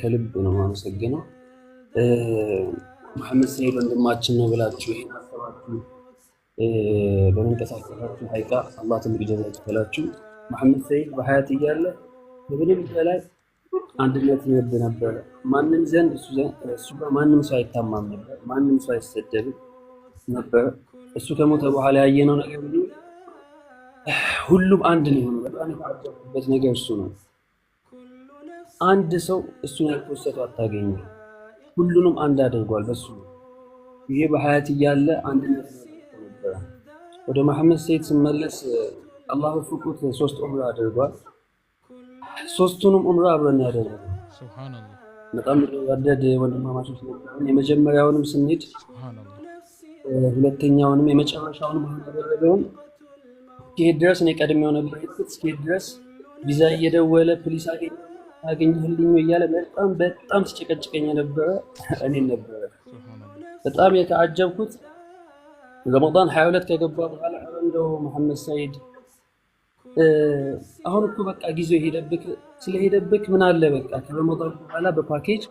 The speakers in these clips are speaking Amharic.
ከልብ ነው የማመሰግነው። መሐመድ ሰይድ ወንድማችን ነው ብላችሁ ይሄን አሰባችሁ በመንቀሳቀሳችሁ ሀይቃ አላህ ትልቅ ጀዛ ይክፈላችሁ። መሐመድ ሰይድ በሀያት እያለ ከምንም በላይ አንድነት ይወድ ነበረ። ማንም ዘንድ እሱ ጋር ማንም ሰው አይታማም ነበር። ማንም ሰው አይሰደብም ነበረ። እሱ ከሞተ በኋላ ያየነው ነገር ሁሉም አንድ ነው የሆነው። በጣም የተዓጀብኩበት ነገር እሱ ነው። አንድ ሰው እሱን ያልፖሰቱ አታገኙ። ሁሉንም አንድ አድርጓል። በሱ ይሄ በሀያት እያለ አንድነት ነበረ። ወደ መሐመድ ሰይድ ስመለስ አላሁ ፍቁት ሶስት ዑምራ አድርጓል። ሶስቱንም ዑምራ አብረን ያደረገ በጣም ወደድ ወንድማማቾች ነበርን። የመጀመሪያውንም ስንሄድ ሁለተኛውንም የመጨረሻውንም ያደረገውን እስኪሄድ ድረስ እኔ ቀድሜው ነበር። እስኪሄድ ድረስ ቪዛ እየደወለ ፖሊስ አገኘ አገኘህልኝ እያለ በጣም በጣም ሲጨቀጭቀኝ የነበረ እኔ ነበረ። በጣም የተዓጀብኩት ረመዳን 22 ከገባ በኋላ እንደው መሐመድ ሰይድ አሁን እኮ በቃ ጊዜው ሄደብክ፣ ስለሄደብክ ምን አለ በቃ ከረመዳን በኋላ በፓኬጅ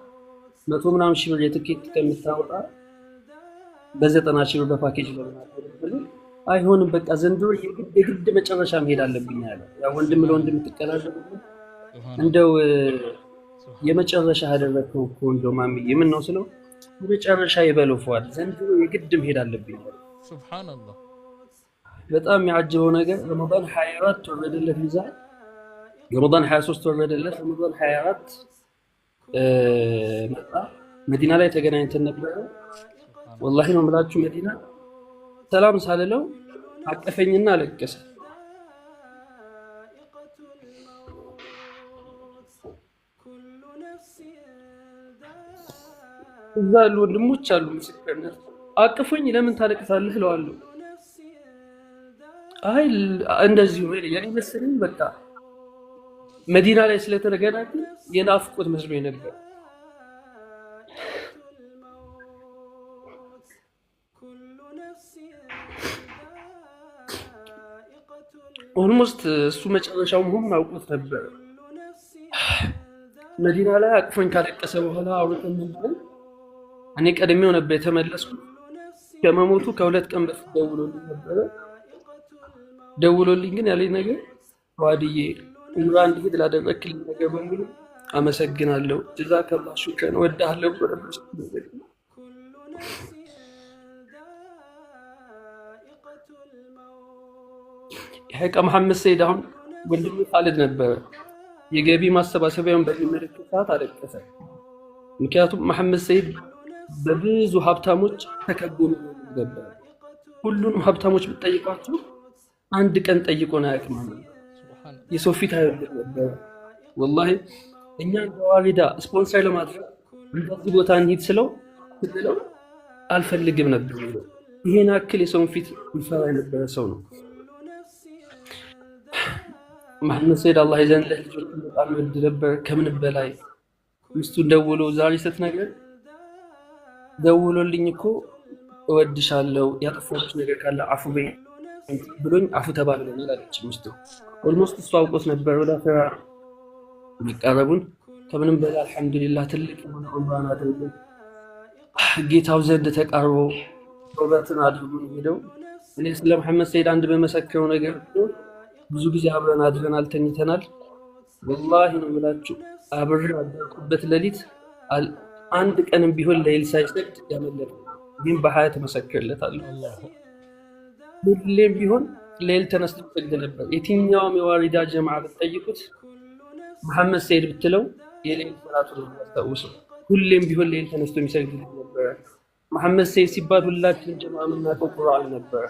መቶ ምናምን ሺህ ብር የትኬት ከምታወጣ በዘጠና ሺህ ብር በፓኬጅ አይሆንም፣ በቃ ዘንድሮ የግድ መጨረሻ መሄድ አለብኝ አለ። ወንድም ለወንድም ትቀላለ እንደው የመጨረሻ አደረግከው እኮ እንደው ማሚዬ፣ ምን ነው ስለው መጨረሻ ይበለው ፈዋል ዘንድሮ የግድ መሄድ አለብኝ። ሱብሃንአላህ። በጣም የሚያጅበው ነገር ረመዳን 24 ተወረደለት ይዛ ረመዳን 23 ተወረደለት፣ ረመዳን 24 መጣ። መዲና ላይ ተገናኝተን ነበረ። ወላሂ ነው የምላችሁ መዲና ሰላም ሳልለው አቀፈኝና አለቀሰ። እዛ ያሉ ወንድሞች አሉ ምስክርነት። አቅፎኝ ለምን ታለቅሳለህ እለዋለሁ። አይ እንደዚሁ የኔ መሰለኝ በቃ መዲና ላይ ስለተገናኘ የናፍቆት መስሎኝ ነበር። ኦልሞስት እሱ መጨረሻው መሆኑን አውቆት ነበር። መዲና ላይ አቅፎኝ ካለቀሰ በኋላ አውርተን እኔ ቀድሜው ነበር የተመለስኩ። ከመሞቱ ከሁለት ቀን በፊት ደውሎልኝ ነበረ። ደውሎልኝ ግን ያለኝ ነገር ዋድዬ ተዋድዬ አንድ እንድሄድ ላደረክልኝ ነገር በሙሉ አመሰግናለሁ። እዛ ከላሹ ቀን ወዳለሁ። ሐቂቃ መሐመድ ሰይድ አሁን ወንድም ኻልድ ነበረ የገቢ ማሰባሰቢያውን በሚመለከት ሰዓት አለቀሰ። ምክንያቱም መሐመድ ሰይድ በብዙ ሀብታሞች ተከቦ ነበር። ሁሉንም ሀብታሞች ብትጠይቋቸው አንድ ቀን ጠይቆን አያውቅም። የሰው ፊት አይወድም ነበር። ወላሂ እኛ ዋሪዳ ስፖንሰር ለማድረግ እንደዚህ ቦታ እንሂድ ስለው ስንለው አልፈልግም ነበር። ይሄን አክል የሰውን ፊት ይፈራ የነበረ ሰው ነው። መሐመድ ሰይድ አላህ የዘንለት ልጆች በጣም ይወድ ነበር። ከምን በላይ ሚስቱን ደውሎ ዛሬ ስትነግረን ደውሎልኝ እኮ እወድሻለሁ ያጠፋች ነገር ካለ አፉ ብሎኝ አፉ ተባብለናል አለች ሚስቱ። ኦልሞስት እሱ አውቆት ነበር ወደ አኺራ መቃረቡን። ከምንም በላይ አልሐምዱሊላህ ትልቅ የሆነ ዑምራን አድርጎ ጌታው ዘንድ ተቃርቦ ሶበትን አድርጎ ሄደው። እኔ ስለ መሐመድ ሰይድ አንድ በመሰክረው ነገር ብዙ ጊዜ አብረን አድረናል፣ ተኝተናል። ወላሂ ነው የምላችሁ አብሬ አደርኩበት ሌሊት አንድ ቀንም ቢሆን ለይል ሳይሰግድ ያመለጠ ይህም በሀያ ተመሰክርለታል። ሁሌም ቢሆን ለይል ተነስቶ ይሰግድ ነበር። የትኛውም የዋሪዳ ጀማ ብትጠይቁት መሐመድ ሰይድ ብትለው የሌል ሰላቱ ያስታውሰው። ሁሌም ቢሆን ለይል ተነስቶ የሚሰግድ ነበር። መሐመድ ሰይድ ሲባል ሁላችን ጀማ የምናውቀው ቁርአን ነበር።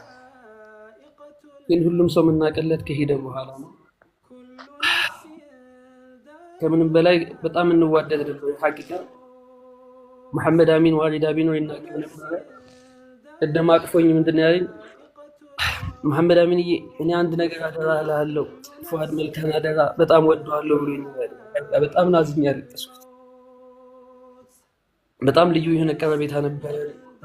ግን ሁሉም ሰው የምናቀለት ከሄደ በኋላ ነው። ከምንም በላይ በጣም እንዋደድ ነበር ሀቂቃ መሐመድ አሚን ዋሊዳ ቢኖር ይናገር ነበረ። ቅድም አቅፎኝ ምንድን ያለኝ መሐመድ አሚንዬ እኔ አንድ ነገር አደራ እልሃለሁ፣ ፉአድ መልካን አደራ በጣም ወደዋለሁ ብሎ በጣም ናዝኛ ያለቀስኩት በጣም ልዩ የሆነ ቀረቤታ ነበረ።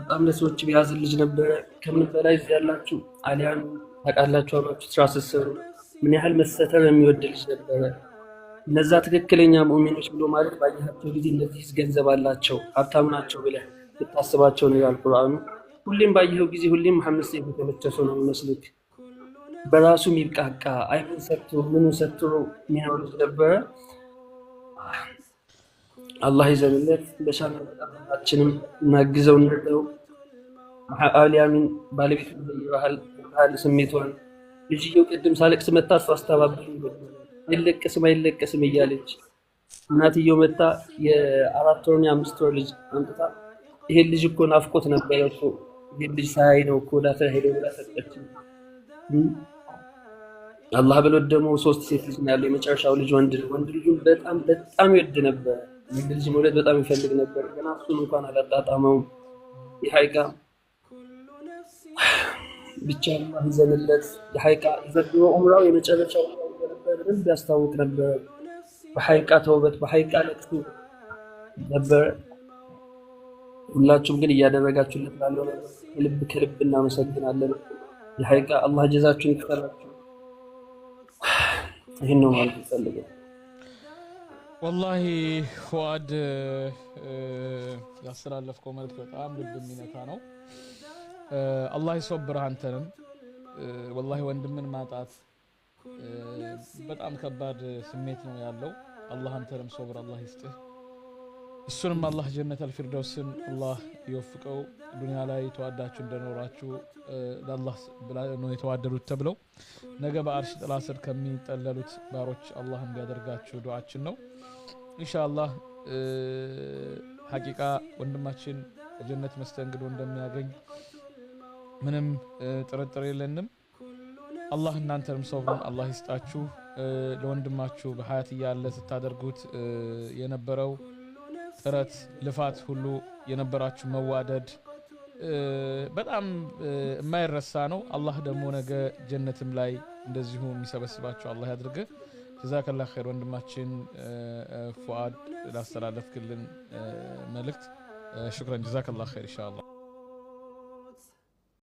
በጣም ለሰዎች የያዝን ልጅ ነበረ። ከምን በላይ እዚህ ያላችሁ አሊያን ታውቃላችሁ አብራችሁ ስራ ስትሰሩ ምን ያህል መሰተር የሚወድ ልጅ ነበረ። እነዛ ትክክለኛ ሙእሚኖች ብሎ ማለት ባየሃቸው ጊዜ እነዚህ ገንዘብ አላቸው ሀብታም ናቸው ብለህ ልታስባቸው ነው ይላል ቁርአኑ። ሁሌም ባየኸው ጊዜ ሁሌም መሐመድ ሰይፉ የተመቸ ሰው ነው የሚመስልህ። በራሱ የሚብቃቃ አይኑን ሰጥቶ ምኑ ሰጥቶ የሚኖሩት ነበረ። አላህ ይዘንለት። በሻናችንም እናግዘው እንደው አሊያሚን ባለቤት ባህል ስሜቷን ልጅየው ቅድም ሳለቅስ መታ እሱ አስተባብር አይለቀስም አይለቀስም እያለች እናትየው መታ የአራት ወር የአምስት ወር ልጅ አምጥታ ይሄን ልጅ እኮ ናፍቆት ነበረ እኮ ይሄን ልጅ ሳያይ ነው እኮ ዳተ ሄደ ብላ ሰጠች። አላህ ብሎት ደግሞ ሶስት ሴት ልጅ ነው ያለው የመጨረሻው ልጅ ወንድ ነው። ወንድ ልጁን በጣም በጣም ይወድ ነበር። ወንድ ልጅ መውለድ በጣም ይፈልግ ነበር። ገና እሱን እንኳን አላጣጣመውም። የሀይቃ ብቻ ይዘንለት። የሀይቃ ዘግሮ ኡምራው የመጨረሻው በደንብ ያስታውቅ ነበር። በሐይቃ ተውበት፣ በሐይቃ ለቅሶ ነበር። ሁላችሁም ግን እያደረጋችሁለት ላለው ከልብ ከልብ እናመሰግናለን። የሐይቃ አላህ ጀዛችሁን ይክፈላችሁ። ይህን ነው ማለት ይፈልገው ወላሂ ፉአድ ያስተላለፍከው መልዕክት በጣም ልብ የሚነካ ነው። አላህ ይሶብርህ አንተንም ወላሂ ወንድምን ማጣት በጣም ከባድ ስሜት ነው ያለው። አላህ አንተንም ሶብር አላህ ይስጥህ፣ እሱንም አላህ ጀነት አልፊርደውስን አላህ ይወፍቀው። ዱንያ ላይ ተዋዳችሁ እንደኖራችሁ ለአላህ ነው የተዋደዱት ተብለው ነገ በአርሽ ጥላ ስር ከሚጠለሉት ባሮች አላህ እንዲያደርጋችሁ ዱዓችን ነው። ኢንሻአላህ ሐቂቃ ወንድማችን ጀነት መስተንግዶ እንደሚያገኝ ምንም ጥርጥር የለንም። አላህ እናንተንም ሶብሩን አላህ ይስጣችሁ። ለወንድማችሁ በሀያት እያለ ስታደርጉት የነበረው ጥረት፣ ልፋት ሁሉ የነበራችሁ መዋደድ በጣም የማይረሳ ነው። አላህ ደግሞ ነገ ጀነትም ላይ እንደዚሁ የሚሰበስባቸው አላህ ያድርግ። ጀዛከላ ኸይር ወንድማችን ፉአድ ላስተላለፍክልን መልእክት ሽክረን ጀዛከላ ኸይር ኢንሻአላህ።